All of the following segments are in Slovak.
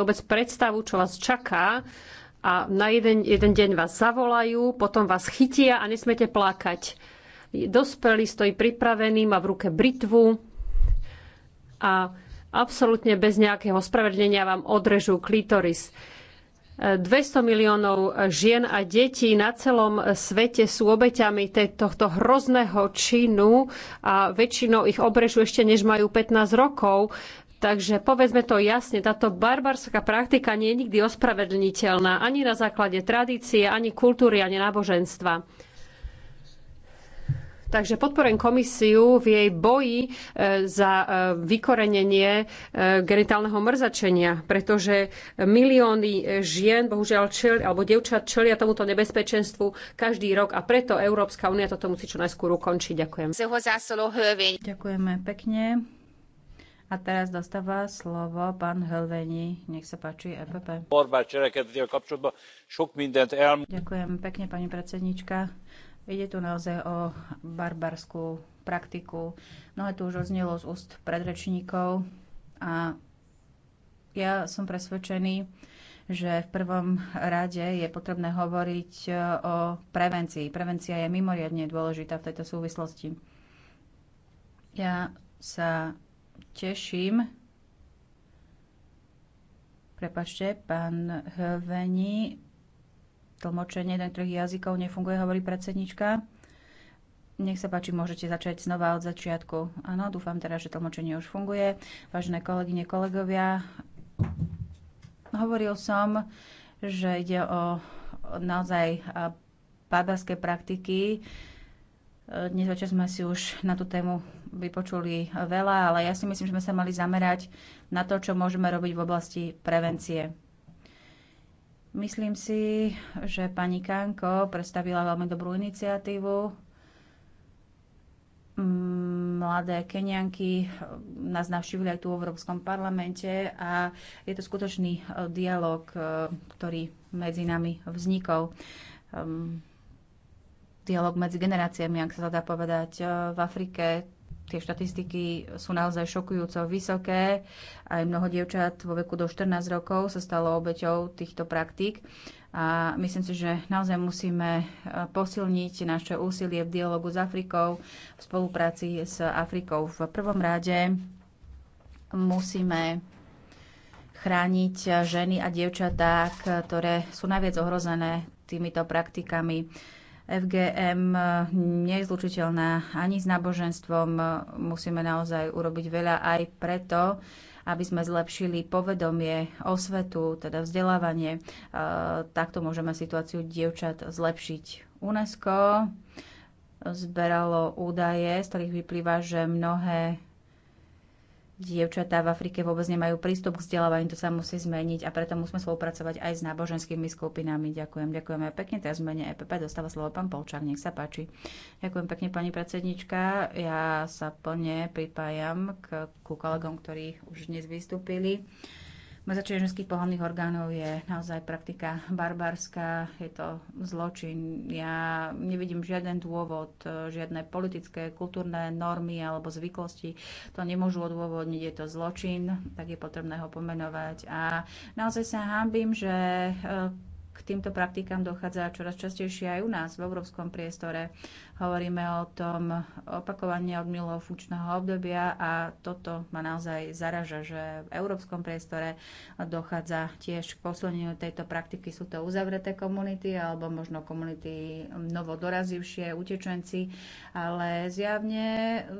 vôbec predstavu, čo vás čaká a na jeden, jeden deň vás zavolajú, potom vás chytia a nesmete plakať. Dospelý stojí pripravený, má v ruke britvu a absolútne bez nejakého spravedlenia vám odrežú klitoris. 200 miliónov žien a detí na celom svete sú obeťami tohto hrozného činu a väčšinou ich obrežu ešte než majú 15 rokov. Takže povedzme to jasne, táto barbarská praktika nie je nikdy ospravedlniteľná ani na základe tradície, ani kultúry, ani náboženstva. Takže podporujem komisiu v jej boji e, za e, vykorenenie e, genitálneho mrzačenia, pretože milióny žien, bohužiaľ, čel, alebo devčat čelia tomuto nebezpečenstvu každý rok a preto Európska únia toto musí čo najskôr ukončiť. Ďakujem. Ďakujeme pekne. A teraz dostáva slovo pán helvení. Nech sa páči, EPP. Ďakujem pekne, pani predsednička. Ide tu naozaj o barbarskú praktiku. Mnohé tu už oznelo z úst predrečníkov a ja som presvedčený, že v prvom rade je potrebné hovoriť o prevencii. Prevencia je mimoriadne dôležitá v tejto súvislosti. Ja sa teším. Prepačte, pán Hveni, tlmočenie ktorých jazykov nefunguje, hovorí predsednička. Nech sa páči, môžete začať znova od začiatku. Áno, dúfam teraz, že tlmočenie už funguje. Vážené kolegyne, kolegovia, hovoril som, že ide o naozaj badarské praktiky, dnes večer sme si už na tú tému vypočuli veľa, ale ja si myslím, že sme sa mali zamerať na to, čo môžeme robiť v oblasti prevencie. Myslím si, že pani Kanko predstavila veľmi dobrú iniciatívu. Mm, mladé Kenianky nás navštívili aj tu v Európskom parlamente a je to skutočný eh, dialog, eh, ktorý medzi nami vznikol. Ehm, dialog medzi generáciami, ak sa dá povedať. E, v Afrike tie štatistiky sú naozaj šokujúco vysoké. Aj mnoho dievčat vo veku do 14 rokov sa stalo obeťou týchto praktík. A myslím si, že naozaj musíme e, posilniť naše úsilie v dialogu s Afrikou, v spolupráci s Afrikou. V prvom rade musíme chrániť ženy a dievčatá, ktoré sú najviac ohrozené týmito praktikami. FGM eh, nie je zlučiteľná ani s náboženstvom. Musíme naozaj urobiť veľa aj preto, aby sme zlepšili povedomie, osvetu, teda vzdelávanie. Eh, takto môžeme situáciu dievčat zlepšiť. UNESCO zberalo údaje, z ktorých vyplýva, že mnohé dievčatá v Afrike vôbec nemajú prístup k vzdelávaniu, to sa musí zmeniť a preto musíme spolupracovať aj s náboženskými skupinami. Ďakujem, ďakujem aj pekne. Teraz v EPP e dostáva slovo pán Polčák, nech sa páči. Ďakujem pekne, pani predsednička. Ja sa plne pripájam k, ku kolegom, ktorí už dnes vystúpili. Uh, Mrzačenie ženských pohľadných orgánov je naozaj praktika barbarská, je to zločin. Ja nevidím žiaden dôvod, žiadne politické, kultúrne normy alebo zvyklosti to nemôžu odôvodniť, je to zločin, tak je potrebné ho pomenovať. A naozaj sa hámbim, že k týmto praktikám dochádza čoraz častejšie aj u nás v európskom priestore. Hovoríme o tom opakovanie od minulého funkčného obdobia a toto ma naozaj zaraža, že v európskom priestore dochádza tiež k posilneniu tejto praktiky. Sú to uzavreté komunity alebo možno komunity novodorazivšie, utečenci, ale zjavne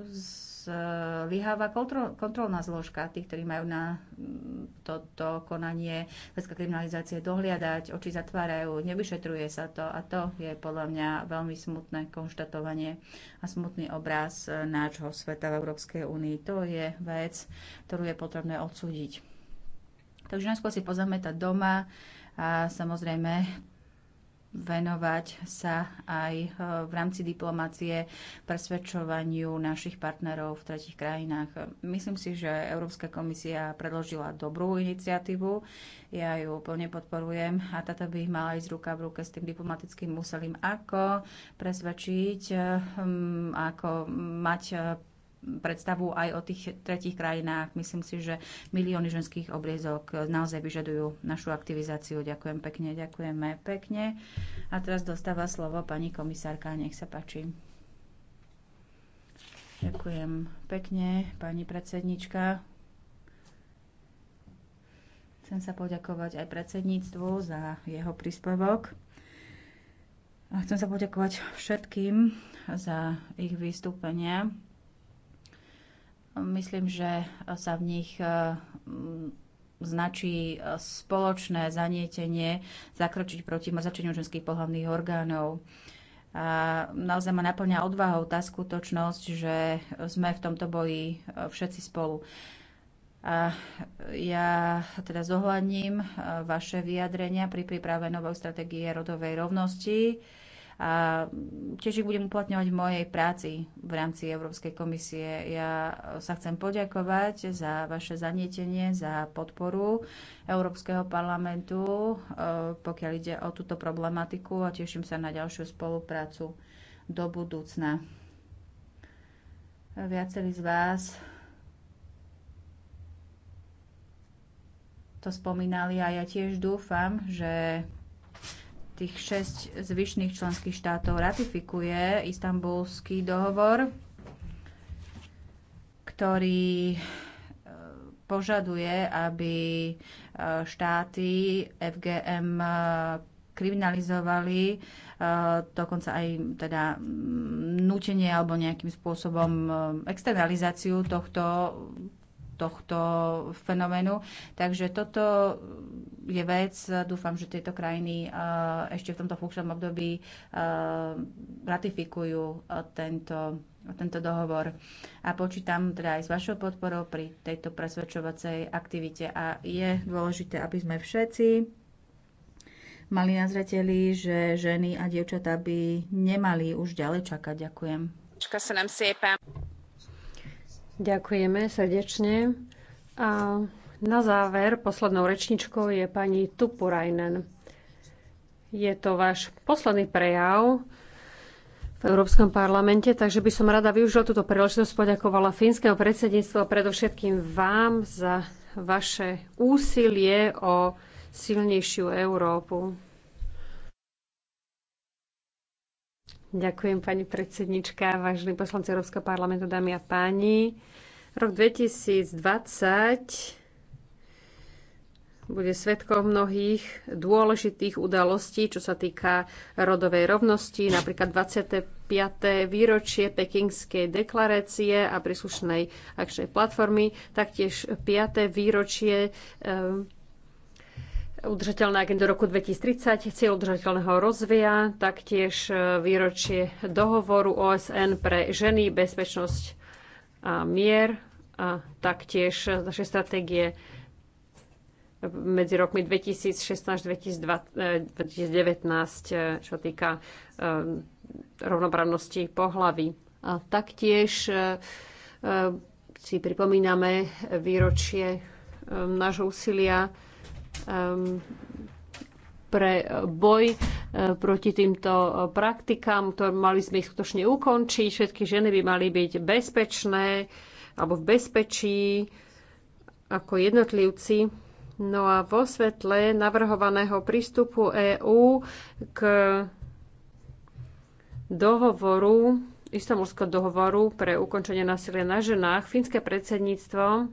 z zlyháva kontrolná zložka tých, ktorí majú na mm, toto konanie hľadiska kriminalizácie dohliadať, oči zatvárajú, nevyšetruje sa to a to je podľa mňa veľmi smutné konštatovanie a smutný obraz e, nášho sveta v Európskej únii. To je vec, ktorú je potrebné odsúdiť. Takže najskôr si pozametať doma a samozrejme venovať sa aj e, v rámci diplomácie presvedčovaniu našich partnerov v tretich krajinách. Myslím si, že Európska komisia predložila dobrú iniciatívu, ja ju plne podporujem a táto by mala ísť ruka v ruke s tým diplomatickým úsilím, ako presvedčiť, e, ako mať e, predstavu aj o tých tretich krajinách. Myslím si, že milióny ženských obriezok naozaj vyžadujú našu aktivizáciu. Ďakujem pekne, ďakujeme pekne. A teraz dostáva slovo pani komisárka, nech sa páči. Ďakujem pekne, pani predsednička. Chcem sa poďakovať aj predsedníctvu za jeho príspevok. A chcem sa poďakovať všetkým za ich vystúpenia. Myslím, že sa v nich e, značí e, spoločné zanietenie zakročiť proti mrzačeniu ženských pohľavných orgánov. A naozaj ma naplňa odvahou tá skutočnosť, že sme v tomto boji e, všetci spolu. A ja teda zohľadním vaše vyjadrenia pri príprave novej stratégie rodovej rovnosti a tiež ich budem uplatňovať v mojej práci v rámci Európskej komisie. Ja sa chcem poďakovať za vaše zanietenie, za podporu Európskeho parlamentu, e, pokiaľ ide o túto problematiku a teším sa na ďalšiu spoluprácu do budúcna. Viacerí z vás to spomínali a ja tiež dúfam, že tých šesť zvyšných členských štátov ratifikuje istambulský dohovor, ktorý e, požaduje, aby e, štáty FGM e, kriminalizovali dokonca aj teda nutenie alebo nejakým spôsobom externalizáciu tohto tohto fenoménu. Takže toto je vec, dúfam, že tieto krajiny eh, ešte v tomto funkčnom období eh, ratifikujú eh, tento tento dohovor. A počítam teda aj s vašou podporou pri tejto presvedčovacej aktivite. A je dôležité, aby sme všetci mali na zreteli, že ženy a dievčatá by nemali už ďalej čakať. Ďakujem. nám siepa. Ďakujeme srdečne. A na záver poslednou rečničkou je pani Tupurajnen. Je to váš posledný prejav v Európskom parlamente, takže by som rada využila túto príležitosť, poďakovala fínskeho predsedníctvu a predovšetkým vám za vaše úsilie o silnejšiu Európu. Ďakujem, pani predsednička, vážení poslanci Európskeho parlamentu, dámy a páni. Rok 2020 bude svetkom mnohých dôležitých udalostí, čo sa týka rodovej rovnosti, napríklad 25. výročie Pekingskej deklarácie a príslušnej akčnej platformy, taktiež 5. výročie um, udržateľné agendu roku 2030, cieľ udržateľného rozvoja, taktiež e, výročie dohovoru OSN pre ženy, bezpečnosť a mier a taktiež e, naše stratégie medzi rokmi 2016-2019, e, čo týka rovnoprávnosti pohlavy. A taktiež si pripomíname výročie nášho úsilia pre boj eh, proti týmto eh, praktikám, ktoré mali sme ich skutočne ukončiť. Všetky ženy by mali byť bezpečné alebo v bezpečí ako jednotlivci. No a vo svetle navrhovaného prístupu EÚ k dohovoru, istomorského dohovoru pre ukončenie násilia na ženách, fínske predsedníctvo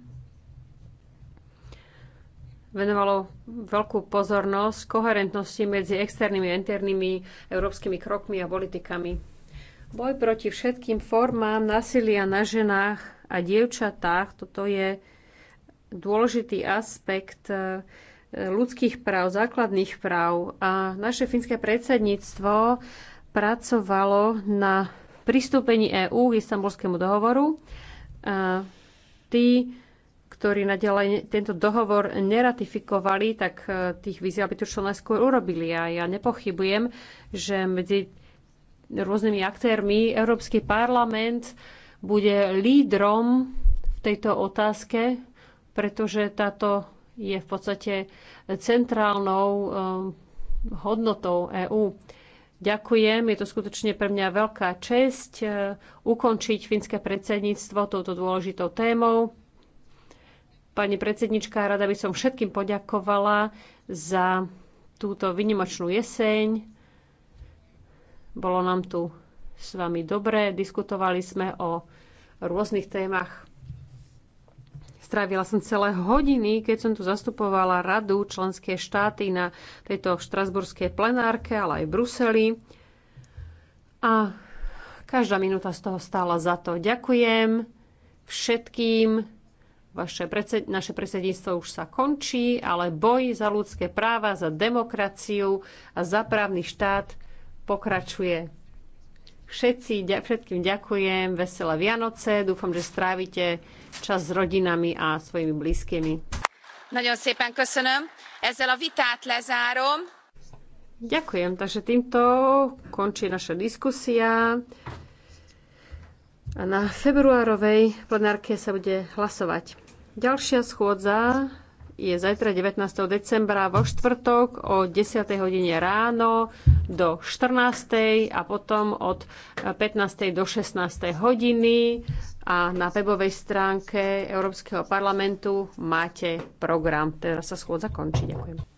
venovalo veľkú pozornosť koherentnosti medzi externými a internými európskymi krokmi a politikami. Boj proti všetkým formám násilia na ženách a dievčatách, toto je dôležitý aspekt eh, ľudských práv, základných práv. A naše finské predsedníctvo pracovalo na pristúpení EÚ k istambulskému dohovoru. A tí ktorí naďalej tento dohovor neratifikovali, tak e, tých víziev, aby to čo najskôr urobili. A ja nepochybujem, že medzi rôznymi aktérmi Európsky parlament bude lídrom v tejto otázke, pretože táto je v podstate centrálnou e, hodnotou EÚ. Ďakujem, je to skutočne pre mňa veľká česť e, ukončiť fínske predsedníctvo touto dôležitou témou. Pani predsednička, rada by som všetkým poďakovala za túto vynimočnú jeseň. Bolo nám tu s vami dobre, diskutovali sme o rôznych témach. Strávila som celé hodiny, keď som tu zastupovala radu členské štáty na tejto štrasburskej plenárke, ale aj v Bruseli. A každá minúta z toho stála za to. Ďakujem všetkým Vaše predsed, naše predsedníctvo už sa končí, ale boj za ľudské práva, za demokraciu a za právny štát pokračuje. Všetci, všetkým ďakujem, veselé Vianoce, dúfam, že strávite čas s rodinami a svojimi blízkymi. Nagyon szépen köszönöm. Ezzel a vitát lezárom. Ďakujem, takže týmto končí naša diskusia. A na februárovej plenárke sa bude hlasovať. Ďalšia schôdza je zajtra 19. decembra vo štvrtok o 10. hodine ráno do 14. a potom od 15. do 16. hodiny a na webovej stránke Európskeho parlamentu máte program. Teraz sa schôdza končí. Ďakujem.